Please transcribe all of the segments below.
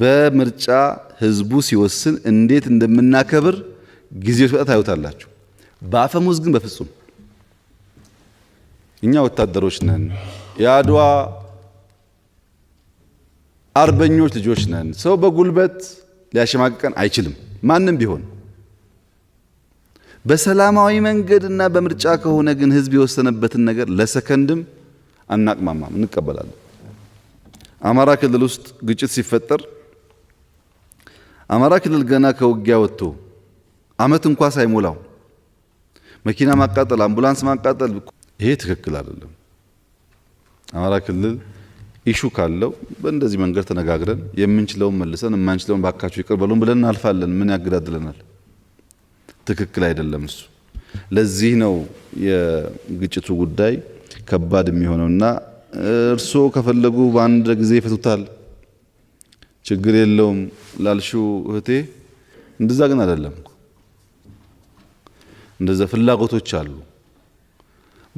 በምርጫ ህዝቡ ሲወስን እንዴት እንደምናከብር ጊዜ በጣም ታዩታላችሁ። በአፈሙዝ ግን በፍጹም እኛ ወታደሮች ነን፣ የአድዋ አርበኞች ልጆች ነን። ሰው በጉልበት ሊያሸማቅቀን አይችልም፣ ማንም ቢሆን። በሰላማዊ መንገድ እና በምርጫ ከሆነ ግን ህዝብ የወሰነበትን ነገር ለሰከንድም አናቅማማም፣ እንቀበላለን። አማራ ክልል ውስጥ ግጭት ሲፈጠር አማራ ክልል ገና ከውጊያ ወጥቶ አመት እንኳ ሳይሞላው መኪና ማቃጠል፣ አምቡላንስ ማቃጠል፣ ይሄ ትክክል አይደለም። አማራ ክልል ኢሹ ካለው በእንደዚህ መንገድ ተነጋግረን የምንችለውን መልሰን የማንችለውን ባካችሁ ይቅር በሉን ብለን እናልፋለን። ምን ያገዳድለናል? ትክክል አይደለም እሱ። ለዚህ ነው የግጭቱ ጉዳይ ከባድ የሚሆነውና እርስዎ ከፈለጉ በአንድ ጊዜ ይፈቱታል። ችግር የለውም ላልሹ እህቴ እንደዛ ግን አይደለም። እንደዛ ፍላጎቶች አሉ።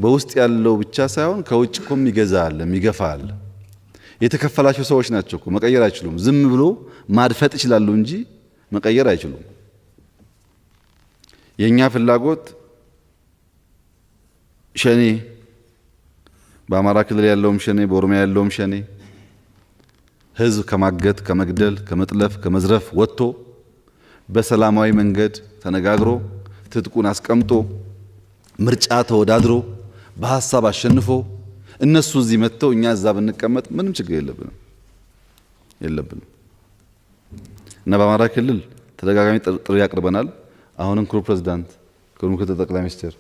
በውስጥ ያለው ብቻ ሳይሆን ከውጭ እኮ የሚገዛ አለ፣ የሚገፋ አለ። የተከፈላቸው ሰዎች ናቸው እኮ መቀየር አይችሉም። ዝም ብሎ ማድፈጥ ይችላሉ እንጂ መቀየር አይችሉም። የእኛ ፍላጎት ሸኔ፣ በአማራ ክልል ያለውም ሸኔ፣ በኦሮሚያ ያለውም ሸኔ ህዝብ ከማገት፣ ከመግደል፣ ከመጥለፍ፣ ከመዝረፍ ወጥቶ በሰላማዊ መንገድ ተነጋግሮ ትጥቁን አስቀምጦ ምርጫ ተወዳድሮ በሀሳብ አሸንፎ እነሱ እዚህ መጥተው እኛ እዛ ብንቀመጥ ምንም ችግር የለብንም የለብንም እና በአማራ ክልል ተደጋጋሚ ጥሪ ያቅርበናል። አሁንም ክቡር ፕሬዚዳንት፣ ክቡር ምክትል ጠቅላይ ሚኒስትር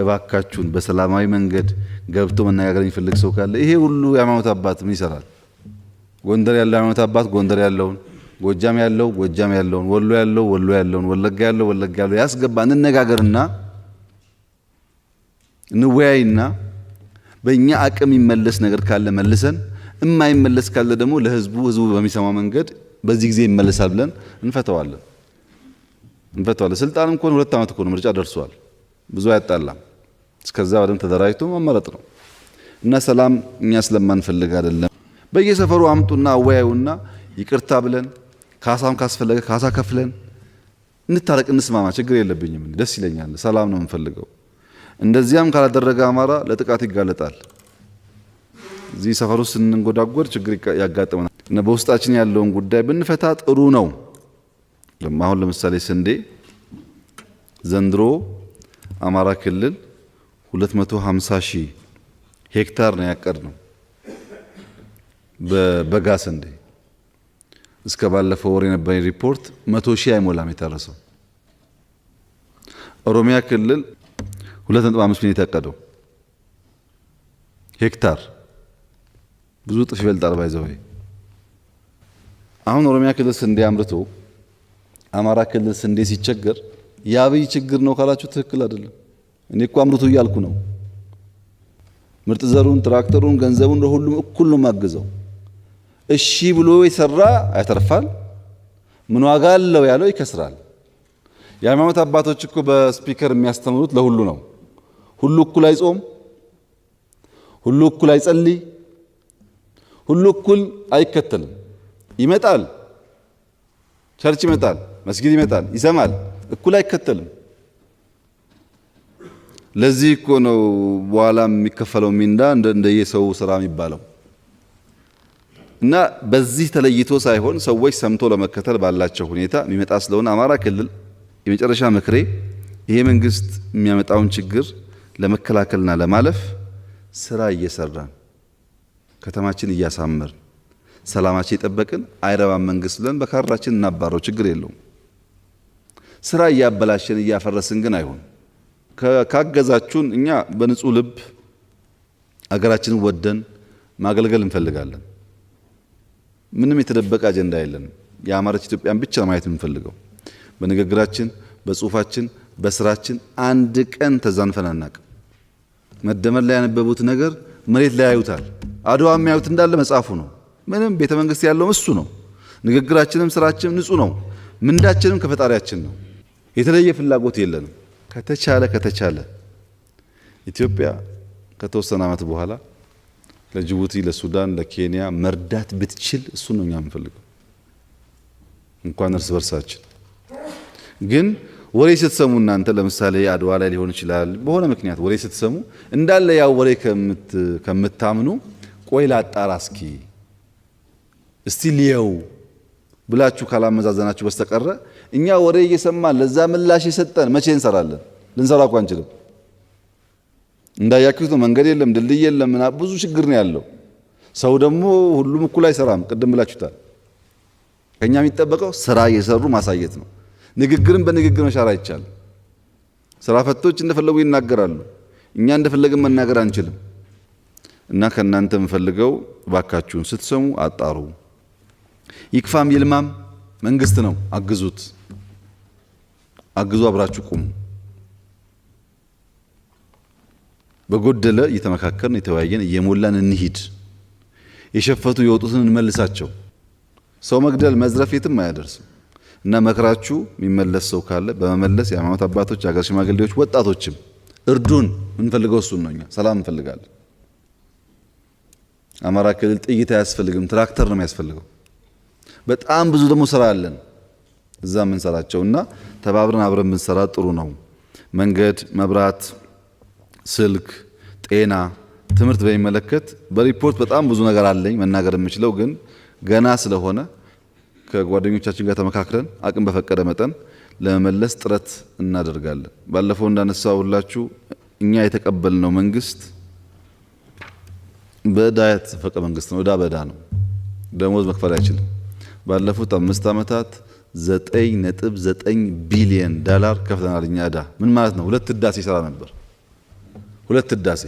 እባካችሁን በሰላማዊ መንገድ ገብቶ መነጋገር የሚፈልግ ሰው ካለ ይሄ ሁሉ የሃይማኖት አባት ምን ይሰራል? ጎንደር ያለ ሃይማኖት አባት ጎንደር ያለውን፣ ጎጃም ያለው ጎጃም ያለውን፣ ወሎ ያለው ወሎ ያለውን፣ ወለጋ ያለው ወለጋ ያለው ያስገባ እንነጋገርና እንወያይና በእኛ አቅም ይመለስ ነገር ካለ መልሰን እማይመለስ ካለ ደግሞ ለህዝቡ ህዝቡ በሚሰማ መንገድ በዚህ ጊዜ ይመለሳል ብለን እንፈተዋለን እንፈተዋለን። ስልጣንም ከሆነ ሁለት ዓመት ነው ምርጫ ደርሷል። ብዙ አያጣላም። እስከዛ በደንብ ተደራጅቶ መመረጥ ነው እና ሰላም እኛ ስለማንፈልግ አይደለም። በየሰፈሩ አምጡና አወያዩና ይቅርታ ብለን ካሳም ካስፈለገ ካሳ ከፍለን እንታረቅ፣ እንስማማ፣ ችግር የለብኝም፣ ደስ ይለኛል፣ ሰላም ነው የምፈልገው። እንደዚያም ካላደረገ አማራ ለጥቃት ይጋለጣል። እዚህ ሰፈሩ ስንንጎዳጎድ ችግር ያጋጥመናል እና በውስጣችን ያለውን ጉዳይ ብንፈታ ጥሩ ነው። አሁን ለምሳሌ ስንዴ ዘንድሮ አማራ ክልል 250 ሺህ ሄክታር ነው ያቀድ በበጋ ስንዴ እስከ ባለፈው ወር የነበረኝ ሪፖርት መቶ ሺህ አይሞላም የታረሰው። ኦሮሚያ ክልል 2.5 ሚሊዮን የታቀደው ሄክታር ብዙ ጥፍ ይበልጣል። ባይዘው አሁን ኦሮሚያ ክልል ስንዴ አምርቶ አማራ ክልል ስንዴ ሲቸገር የአብይ ችግር ነው ካላችሁ ትክክል አይደለም። እኔ እኮ አምርቱ እያልኩ ነው። ምርጥ ዘሩን፣ ትራክተሩን፣ ገንዘቡን ለሁሉም እኩል ነው ማግዘው እሺ ብሎ የሰራ ያተርፋል፣ ምን ዋጋ አለው ያለው ይከስራል። የሃይማኖት አባቶች እኮ በስፒከር የሚያስተምሩት ለሁሉ ነው። ሁሉ እኩል አይጾም፣ ሁሉ እኩል አይጸልይ፣ ሁሉ እኩል አይከተልም። ይመጣል፣ ቸርች ይመጣል፣ መስጊድ ይመጣል፣ ይሰማል፣ እኩል አይከተልም። ለዚህ እኮ ነው በኋላ የሚከፈለው ሚንዳ እንደየሰው ስራ የሚባለው። እና በዚህ ተለይቶ ሳይሆን ሰዎች ሰምቶ ለመከተል ባላቸው ሁኔታ የሚመጣ ስለሆነ አማራ ክልል የመጨረሻ ምክሬ ይሄ መንግስት የሚያመጣውን ችግር ለመከላከልና ለማለፍ ስራ እየሰራን ከተማችን እያሳመርን ሰላማችን የጠበቅን አይረባን መንግስት ብለን በካራችን እናባረው ችግር የለውም። ስራ እያበላሸን እያፈረስን ግን አይሆን። ካገዛችሁን እኛ በንጹህ ልብ አገራችንን ወደን ማገልገል እንፈልጋለን። ምንም የተደበቀ አጀንዳ የለንም። የአማረች ኢትዮጵያን ብቻ ማየት የምንፈልገው። በንግግራችን፣ በጽሁፋችን፣ በስራችን አንድ ቀን ተዛንፈን አናቅም። መደመር ላይ ያነበቡት ነገር መሬት ላይ ያዩታል። አድዋ የሚያዩት እንዳለ መጽሐፉ ነው። ምንም ቤተ መንግስት ያለውም እሱ ነው። ንግግራችንም ስራችንም ንጹህ ነው። ምንዳችንም ከፈጣሪያችን ነው። የተለየ ፍላጎት የለንም። ከተቻለ ከተቻለ ኢትዮጵያ ከተወሰነ ዓመት በኋላ ለጅቡቲ፣ ለሱዳን፣ ለኬንያ መርዳት ብትችል እሱ ነው እኛ የምንፈልገው። እንኳን እርስ በርሳችን ግን ወሬ ስትሰሙ እናንተ ለምሳሌ አድዋ ላይ ሊሆን ይችላል በሆነ ምክንያት ወሬ ስትሰሙ እንዳለ ያው ወሬ ከምታምኑ ቆይ ላጣራ እስኪ እስቲ ልየው ብላችሁ ካላመዛዘናችሁ በስተቀረ እኛ ወሬ እየሰማን ለዛ ምላሽ የሰጠን መቼ እንሰራለን? ልንሰራ እኮ አንችልም። እንዳያችሁት ነው። መንገድ የለም፣ ድልድይ የለም፣ ብዙ ችግር ነው ያለው። ሰው ደግሞ ሁሉም እኩል አይሰራም። ቅድም ብላችሁታል። ከኛ የሚጠበቀው ስራ እየሰሩ ማሳየት ነው። ንግግርን በንግግር መሻር አይቻልም። ስራ ፈቶች እንደፈለጉ ይናገራሉ። እኛ እንደፈለግን መናገር አንችልም። እና ከእናንተ የምፈልገው እባካችሁን ስትሰሙ አጣሩ። ይክፋም ይልማም መንግስት ነው። አግዙት፣ አግዙ፣ አብራችሁ ቁሙ። በጎደለ እየተመካከርን የተወያየን እየሞላን እንሂድ። የሸፈቱ የወጡትን እንመልሳቸው። ሰው መግደል መዝረፍ የትም አያደርስም እና መክራችሁ የሚመለስ ሰው ካለ በመመለስ የሃይማኖት አባቶች፣ የሀገር ሽማግሌዎች፣ ወጣቶችም እርዱን። የምንፈልገው እሱን ነው። እኛ ሰላም እንፈልጋለን። አማራ ክልል ጥይት አያስፈልግም፣ ትራክተር ነው የሚያስፈልገው። በጣም ብዙ ደግሞ ስራ አለን እዛ የምንሰራቸው እና ተባብረን አብረን ብንሰራ ጥሩ ነው። መንገድ፣ መብራት ስልክ፣ ጤና፣ ትምህርት በሚመለከት በሪፖርት በጣም ብዙ ነገር አለኝ መናገር የምችለው ግን ገና ስለሆነ ከጓደኞቻችን ጋር ተመካክረን አቅም በፈቀደ መጠን ለመመለስ ጥረት እናደርጋለን። ባለፈው እንዳነሳ ሁላችሁ እኛ የተቀበልነው መንግስት በዕዳ የተዘፈቀ መንግስት ነው። ዕዳ በዕዳ ነው። ደሞዝ መክፈል አይችልም። ባለፉት አምስት ዓመታት ዘጠኝ ነጥብ ዘጠኝ ቢሊየን ዳላር ከፍተናል እኛ ዕዳ። ምን ማለት ነው? ሁለት ዕዳ ሲሰራ ነበር ሁለት ህዳሴ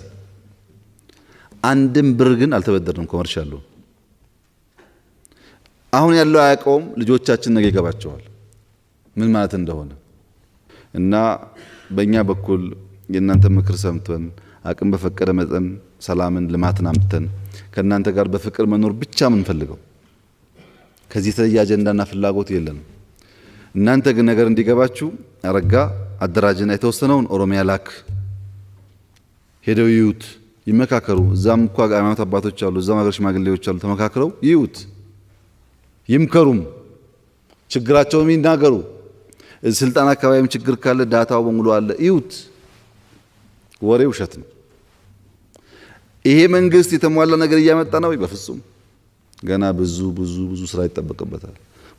አንድም ብር ግን አልተበደርንም። ኮመርሻሉ አሁን ያለው አያውቀውም። ልጆቻችን ነገ ይገባቸዋል ምን ማለት እንደሆነ እና በእኛ በኩል የእናንተ ምክር ሰምተን አቅም በፈቀደ መጠን ሰላምን፣ ልማትን አምጥተን ከእናንተ ጋር በፍቅር መኖር ብቻ የምንፈልገው ከዚህ የተለየ አጀንዳና ፍላጎት የለንም። እናንተ ግን ነገር እንዲገባችሁ አረጋ አደራጅና የተወሰነውን ኦሮሚያ ላክ ሄደው ይዩት፣ ይመካከሩ። እዛም እኳ ሃይማኖት አባቶች አሉ፣ እዛም ሀገር ሽማግሌዎች አሉ። ተመካክረው ይዩት፣ ይምከሩም፣ ችግራቸውም ይናገሩ። ስልጣን አካባቢም ችግር ካለ ዳታው በሙሉ አለ፣ ይዩት። ወሬ ውሸት ነው። ይሄ መንግስት የተሟላ ነገር እያመጣ ነው? በፍጹም ገና ብዙ ብዙ ብዙ ስራ ይጠበቅበታል።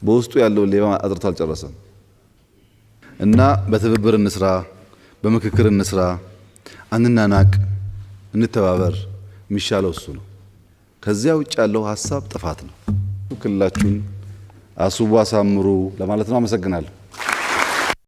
በውስጡ ያለውን ሌባ አጥርቶ አልጨረሰም። እና በትብብር እንስራ፣ በምክክር እንስራ። አንናናቅ፣ እንተባበር። የሚሻለው እሱ ነው። ከዚያ ውጭ ያለው ሀሳብ ጥፋት ነው። ክልላችሁን አስቡ፣ አሳምሩ ለማለት ነው። አመሰግናለሁ።